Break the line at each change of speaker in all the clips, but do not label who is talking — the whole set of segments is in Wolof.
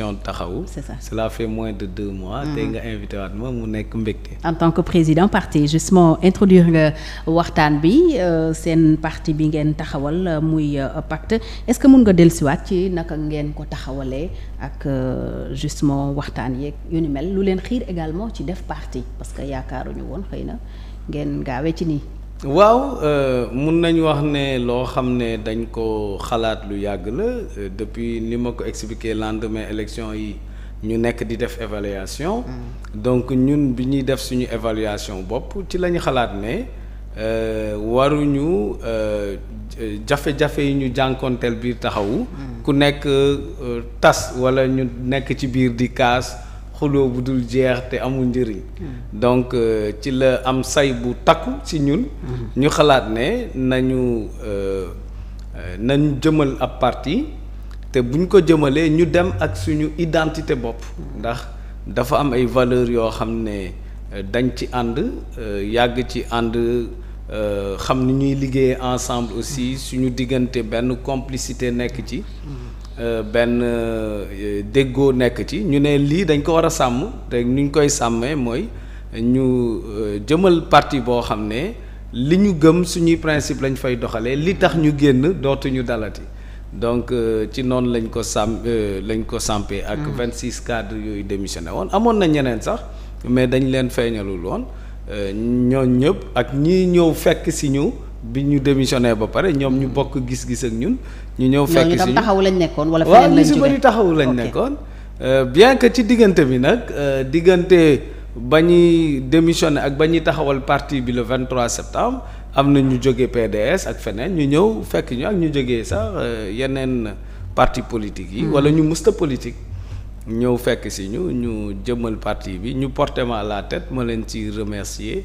émission taxawu. c'est ça cela fait moins de deux mois. Mm-hmm. tey nga invité waat ma mu nekk mbégte.
en tant que président parti justement introduire nga waxtaan bi euh, seen parti bi ngeen taxawal euh, muy euh, pacte est-ce que mun nga dellusiwaat ci naka ngeen ko taxawalee ak justement waxtaan yeeg yu ni mel lu leen xiir également ci def parti parce que yaakaaruñu woon xëy na ngeen gaawe ci nii. waaw euh, mun nañ wax ne loo
xam ne dañ ko xalaat lu yàgg la euh, depuis ni ma ko expliqué lendemain élection yi ñu nekk di def évaluation mm. donc ñun bi ñuy def suñu évaluation bopp ci lañu ñu xalaat ne euh, waruñu jafe-jafe yi ñu jànkoonteel biir taxawu mm. ku nekk tas walla ñu nekk ci biir di kaas xuloo bu dul jeex te amul njëriñ donc euh, ci la am say bu takku ci ñun mm-hmm. ñu xalaat ne nañu euh, nañ jëmal ab parti te buñ ko jëmalee ñu dem ak suñu identité bopp ndax dafa am ay valeur yoo xam ne euh, dañ ci ànd yàgg ci ànd xam ni ñuy liggéey ensemble aussi mm-hmm. suñu diggante benn complicité nekk ci mm-hmm. Euh, benn euh, déggoo nekk ci ñu ne lii dañ ko war a sàmm te ni ñu koy sàmmee mooy ñu euh, jëmal parti boo xam ne li ñu gëm suñuy principe lañ fay doxalee li tax ñu génn dootuñu dalati donc ci noonu lañ ko sàmm lañ ko sampee ak mm. vingt six cadres yooyu démissionné woon amoon na ñeneen sax mais dañ leen feeñalul woon ñooñ ñëpp ak ñi ñëw fekk si ñu bi ñu démissionné ba pare ñoom ñu bokk gis-gis ak ñun. ñu ñëw fekk si ñun taxaw
lañ nekkoon wala feneen lañ ñu si
lañ nekkoon. Euh, bien que ci diggante bi nag euh, diggante ba ñuy démissionné ak ba ñuy taxawal parti bi le 23 septembre am na ñu jógee ak feneen ñu ñëw fekk ñu ak ñu jógee sax euh, yeneen parti politique yi. Hmm. wala ñu musta politique. ñëw fekk si ñu ñu jëmmal parti bi ñu porté ma à la ma leen ci remercier.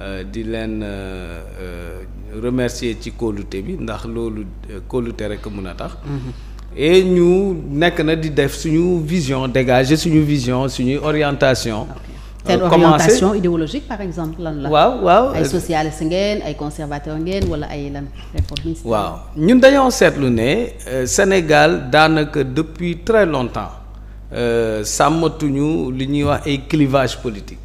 Euh, di leen euh, euh, remercier ci kóolute bi ndax loolu kóolute rek mun a tax mm-hmm. et ñu nekk na di def suñu vision dégager suñu vision suñuy orientation
seen orientation idéologique par exemple lan la. waaw waaw ay socialiste ngeen ay conservateur ngeen wala ay lan réformiste. waaw
ñun dañoo seetlu ne Sénégal daanaka depuis très longtemps sàmmatuñu li ñuy wax ay clivage politique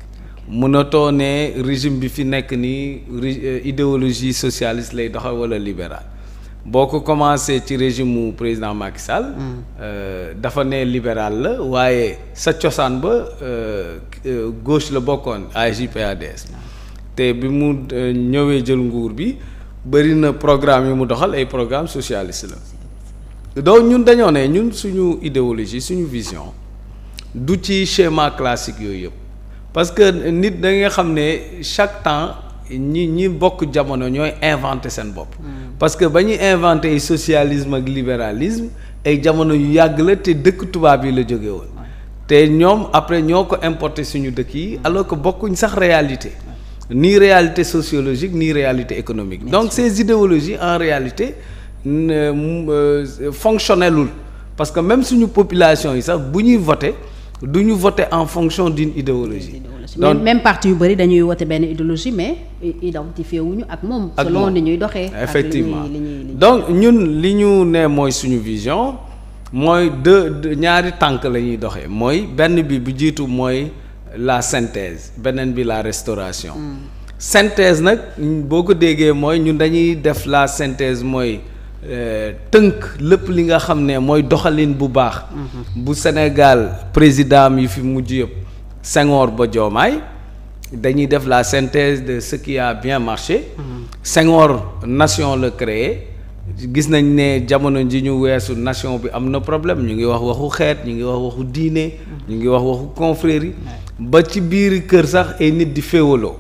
mënatoo ne régime bi fi nekk nii euh, idéologie socialiste lay doxal wala libéral boo ko commencé ci régime mu président Macky Sall. Mm. Euh, dafa ne libéral la waaye sa cosaan ba euh, gauche la bokkoon AJ/PADS te bi mu ñëwee jël nguur bi bëri na programme yi mu doxal ay programme socialiste la donc ñun dañoo ne ñun suñu idéologie suñu vision du ci schéma classique yooyu yëpp. parce que nit da nga xam ne chaque temps ñi ñi bokk jamono ñooy inventer seen bopp. Mm. parce que ba ñuy inventé socialisme ak libéralisme ay jamono yu yàgg la te dëkk tubaab yi la jóge woon. te ñoom après ñoo ko importé suñu dëkk yi mm. alors que bokkuñ sax réalité ni réalité sociologique nii réalité économique donc ces idéologies en réalité euh, euh, fonctionnelul parce que même suñu population yi sax bu ñuy voté du ñu voter en fonction d'une idéologie donc même
parti yu bëri dañuy wote benn idéologie mais identifié wuñu ak moom selon ni ñuy doxee effectivement
donc ñun li ñu ne mooy suñu vision mooy deux ñaari tànk la ñuy doxee mooy benn bi bu jiitu mooy la synthèse beneen bi la restauration mm. synthèse nag boo ko déggee mooy ñun dañuy def la synthèse mooy Euh, tënk lépp li nga xam ne mooy doxalin bu baax. Mhm. bu Sénégal président yi fi mujj yëpp Senghor ba Diomaye dañuy def la synthèse de ce bien marché. Mhm. Senghor nation la créé gis nañ ne jamono ji ñu weesu nation bi am na problème ñu ngi wax waxu xeet ñu ngi wax waxu diine. ñu ngi wax waxu confrérie ba ci biir kër sax ay nit di féewaloo.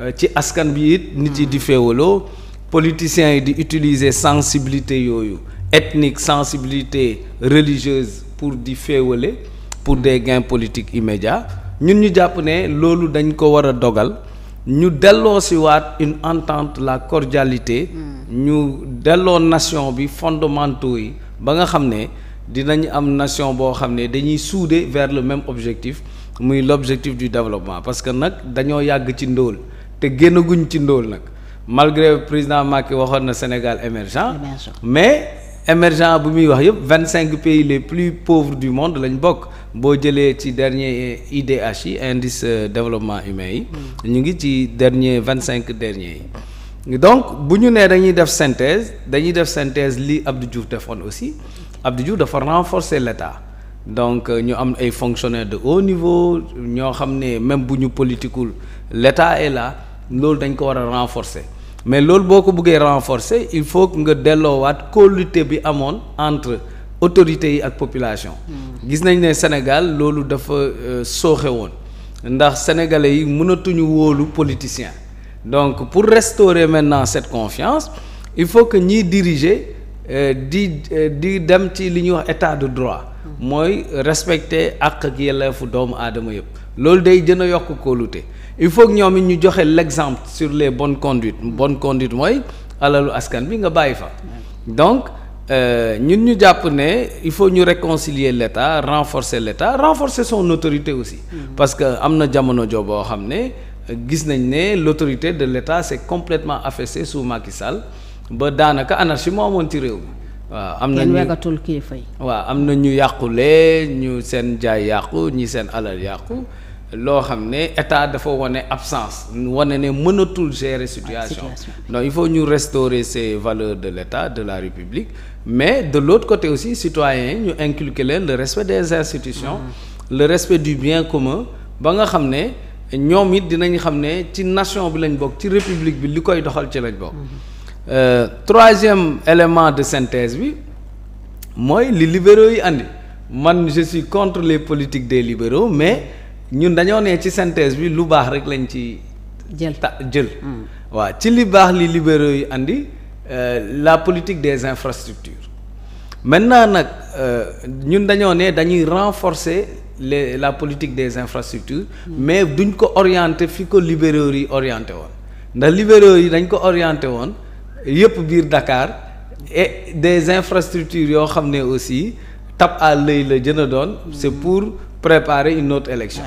Euh, ci askan bi it. nit yi di mm. féewaloo. politiciens yi di utiliser sensibilité yooyu ethnique sensibilité religieuse pour di féewale pour des gains politiques immédiats ñun ñu jàpp ne loolu dañ ko war a dogal ñu delloo si waat une entente la cordialité hmm. ñu delloo nation bi fondamentaux yi ba nga xam ne dinañ am nation boo xam ne dañuy suude vers le même objectif muy l'objectif du développement parce que nag dañoo yàgg ci ndóol te génnaguñ ci ndóol nag malgré président Macky waxoon na Sénégal émergent mais émergent bu muy wax yëpp vingt cinq pays les plus pauvres du monde lañ bokk boo jëlee ci dernier IDH yi indice euh, développement humain yi hmm. ñu ngi ci dernier vingt cinq dernier yi donc bu ñu nee dañuy def synthèse dañuy def synthèse li Abdou Diouf defoon aussi Abdou Diouf dafa renforcer l'État donc euh, ñu am ay fonctionnaires de haut niveau ñoo xam ne même bu ñu politikul l'État est là loolu dañ ko war a renforcer mais loolu boo ko bëggee renforcer il faut que nga delloo waat kóolute bi amoon entre autorités yi ak population. Hmm. gis nañ ne Sénégal loolu dafa euh, sooxe woon ndax sénégalais yi mënatuñu wóolu politicien donc pour restaurer maintenant cette confiance il faut que ñiy diriger. Euh, di euh, di dem ci li ñuy wax état de droit mooy respecter àq ak yelleefu doomu aadama yëpp loolu day jën a yokk kóolute il faut ñoom it ñu joxe l'exemple sur les bonnes conduites bonne conduite mooy alalu askan bi nga bàyyi fa donc euh, ñun ñu jàpp ne il faut ñu réconcilier l'État renforcer l'État renforcer son autorité aussi mm-hmm. parce que am na jamono joo boo xam ne gis nañ ne l'autorité de l'État c'est complètement affaissée sous Macky Sall ba daanaka anarchie moo amoon ci réew mi waaw am na ñu wegatul kilifa yi waaw am na ñu yàqule ñu seen jaay yàqu ñi seen alal yàqu loo xam ne état dafa wane absence wane ne mënatul gérer situation donc ah, il faut ñu restaurer ces valeurs de l'état de la république mais de l'autre côté aussi citoyens ñu inculquer leen le respect des institutions ah. le respect du bien commun ba nga xam ne ñoom it dinañ xam ne ci nation bi lañ bokk ci république bi li koy doxal ci lañ bokk mm-hmm. Euh, troisième élément de synthèse bi mooy li libéraux yi indi man je suis contre les politiques des libéraux mais ñun dañoo ne ci synthèse bi lu baax rek lañ ci jël ta hmm. waaw ci li baax li libéraux yi andi euh, la politique des infrastructures maintenant nag euh, ñun dañoo ne dañuy renforcer les la politique des infrastructures hmm. mais duñ ko orienté fi ko libéraux yi orienté woon ndax libéraux yi dañ ko orienté woon yëpp biir dakaar et des infrastructures yoo xam ne aussi tap à l'œil la jën a doon c'est pour préparer une autre élection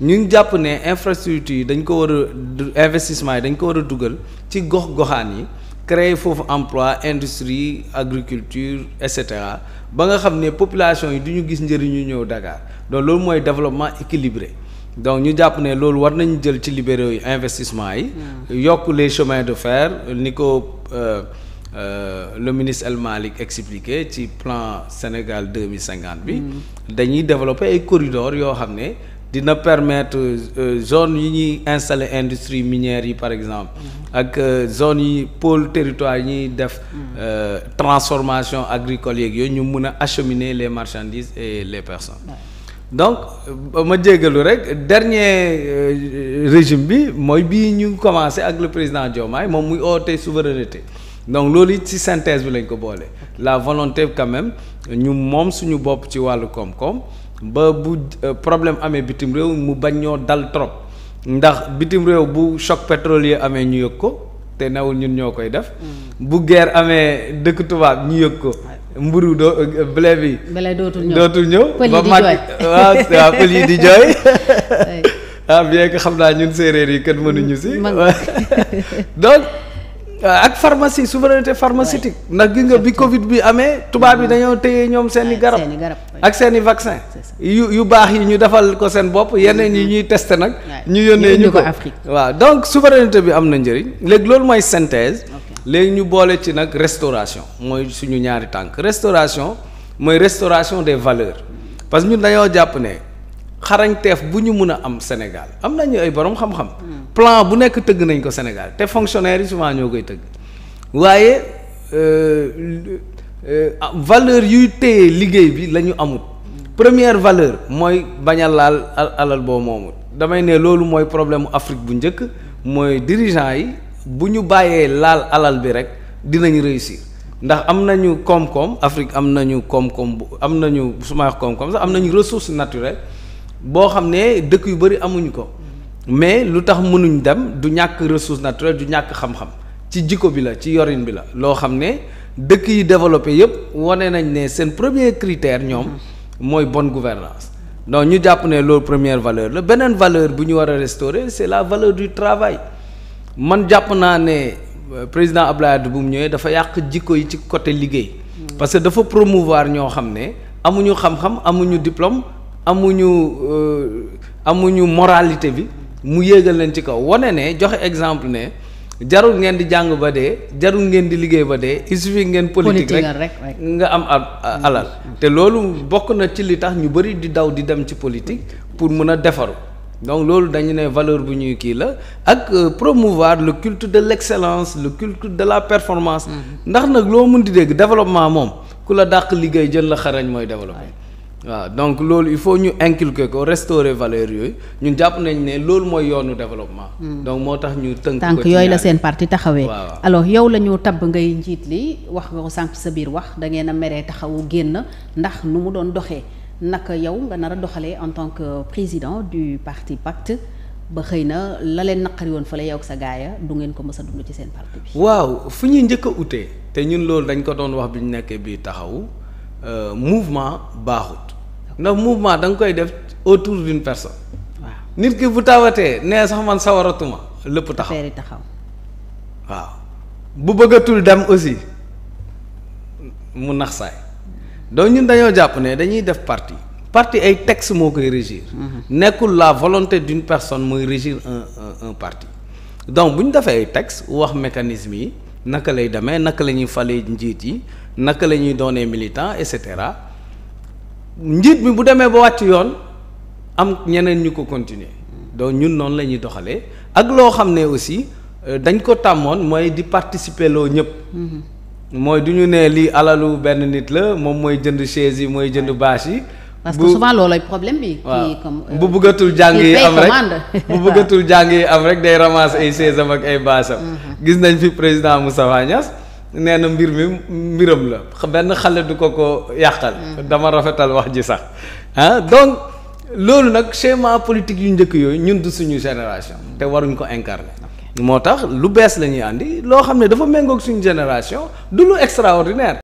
ñu ngi jàpp ne infrastructure yi dañ ko war a investissement yi dañ ko war a dugal ci gox goxaan yi créer foofu emploi industrie agriculture et cetera ba nga xam ne population yi du ñu gis njëriñu ñëw Dakar donc loolu mooy développement équilibré donc ñu jàpp ne loolu war nañu jël ci libéraux yi investissement yi. Hmm. yokk le chemins de fer ni ko euh, euh, le ministre El Malick expliqué ci plan Sénégal deux mille cinquante bi. Hmm. dañuy développer ay corridors yoo xam ne dina permettre euh, zone yi ñuy installer industrie minière yi par exemple. Hmm. ak zone yi pôle territoire yi ñuy def. transformation agricole yeeg yooyu ñu mun a acheminer les marchandises et les personnes. donc ma jéggalu rek dernier euh, régime bi mooy bii ñu commencé ak le président Diomaye moom muy ote souveraineté donc loolu it ci synthèse bi lañ ko boole la volonté quand même ñu moom suñu bopp ci wàllu koom-koom ba bu euh, problème amee bitim réew mu bañ ñoo dal trop ndax bitim réew bu choc pétrolier amee ñu yëg ko te newul ñun ñoo koy def mm. bu guerre amee dëkk tubaab ñu yëg ko mburu doo blé bi.
blé dootul ñëw dootul ñëw. ba mag waaw waaw pël yi di jooy.
ah bien que xam naa ñun séeréer yi kat mënuñu si. donc euh, ak pharmacie souveraineté pharmaceutique. ndax gi nga bi Covid bi amee. tubaab yi mm-hmm. dañoo teye ñoom seen i ah, garab ak seen i vaccin. yu yu baax yi ñu defal ko seen bopp yeneen yi mm-hmm. ñuy testé nag. ñu yónnee ñu ko waaw donc souveraineté bi am na njëriñ léegi loolu mooy synthèse. léegi ñu boole ci nag restauration mooy suñu ñaari tànk restauration mooy restauration des valeurs parce que ñun dañoo jàpp ne xarañteef bu ñu mun a am Sénégal am nañu ay borom xam-xam. Hmm. plan bu nekk tëgg nañ ko Sénégal te fonctionnaires yi souvent ñoo koy tëgg waaye euh, euh, ah, valeur yuy téye liggéey bi lañu ñu amut. Hmm. première valeur mooy bañ a laal alal boo moomut damay ne loolu mooy problème mu Afrique bu njëkk mooy dirigeant yi. bu ñu bàyyee laal alal bi rek dinañu réussir ndax am nañu koom-koom Afrique am nañu koom-koom bu am nañu suma koom-koom sax am nañu ressource naturelle boo xam ne dëkk yu bëri amuñu ko mais lu tax mënuñ dem du ñàkk ressource naturelle du ñàkk xam-xam ci jikko bi la ci yorin bi la loo xam ne dëkk yi développé yëpp wane nañ ne seen premier critère ñoom mooy bonne gouvernance donc ñu jàpp ne loolu première valeur la beneen valeur bu ñu war a restaurer la valeur du travail man jàpp naa ne euh, président Abdoulaye Wade bu mu ñëwee dafa yàq jikko yi ci côté liggéey. parce que dafa promouvoir ñoo xam ne amuñu xam-xam amuñu diplôme amuñu euh, amuñu moralité bi mu yéegal leen ci kaw wane ne joxe exemple ne. jarul ngeen di jàng ba dee jarul ngeen di liggéey ba dee il suffit ngeen politique rek nga am alal te loolu bokk na ci li tax ñu bëri di daw di dem ci politique pour mun a defaru donc loolu dañu ne valeur bu ñuy kii la ak euh, promouvoir le culture de l'excellence le culture de la performance mm-hmm. ndax nag loo mun di dégg développement moom ku la dàq liggéey jën la xarañ mooy développement waaw donc loolu il faut ñu inculquer ko restaurer valeur yooyu ñu jàpp nañ ne loolu mooy yoonu développement mm. donc moo tax
ñu tënk tànk yooyu la seen parti taxawee alors yow la ñu tabb ngay njiit li wax nga ko sànq sa biir wax da ngeen a meree taxawu génn ndax nu mu doon doxee naka yow nga nar a doxalee en tant que président du parti Pacte ba xëy na la leen naqari woon fële yow ak sa gaaya du ngeen ko mës a ci seen parti bi.
waaw fu ñuy njëkk a te ñun loolu dañ ko doon wax bi ñu nekkee bii taxawu euh, mouvement baaxut ndax mouvement da nga koy def autour d'une personne. waaw nit ki bu tawatee ne sax man sawaratuma lépp taxaw taxaw. waaw bu bëggatul dem aussi mu nax saay donc ñun dañoo jàpp ne dañuy def parti parti ay texte moo koy régir. Mhm. nekkul la volonté d'une personne mooy régir un un parti donc bu ñu defee ay texte wax mécanisme yi naka lay demee naka la ñuy falee njiit yi naka la ñuy doonee militant et cetera njiit bi bu demee ba wàcc yoon am ñeneen ñu ko continuer donc ñun noonu la ñuy doxalee ak loo xam ne aussi euh, dañ ko tàmmoon mooy di participer loo ñëpp. Mhm. mooy du ñu ne lii alalu benn nit la moom mooy jënd chaise yi mooy jënd bâche yi.
parce que souvent problème bi. kii
euh, bu bëggatul jàng yi am rek bu bëggatul jàng yi am rek day ramasse ay chaise ak ay bâche mhm. gis nañ fi président Moustapha Niasse nee na mbir mi mbiram la benn xale du ko ko yàqal. Mhm. dama rafetal wax ji sax ah donc loolu nag schéma politique yu njëkk yooyu ñun du suñu génération te waruñ ko incarner. moo tax lu bees la ñuy andi loo xam ne dafa méngoog suñu génération du lu extraordinaire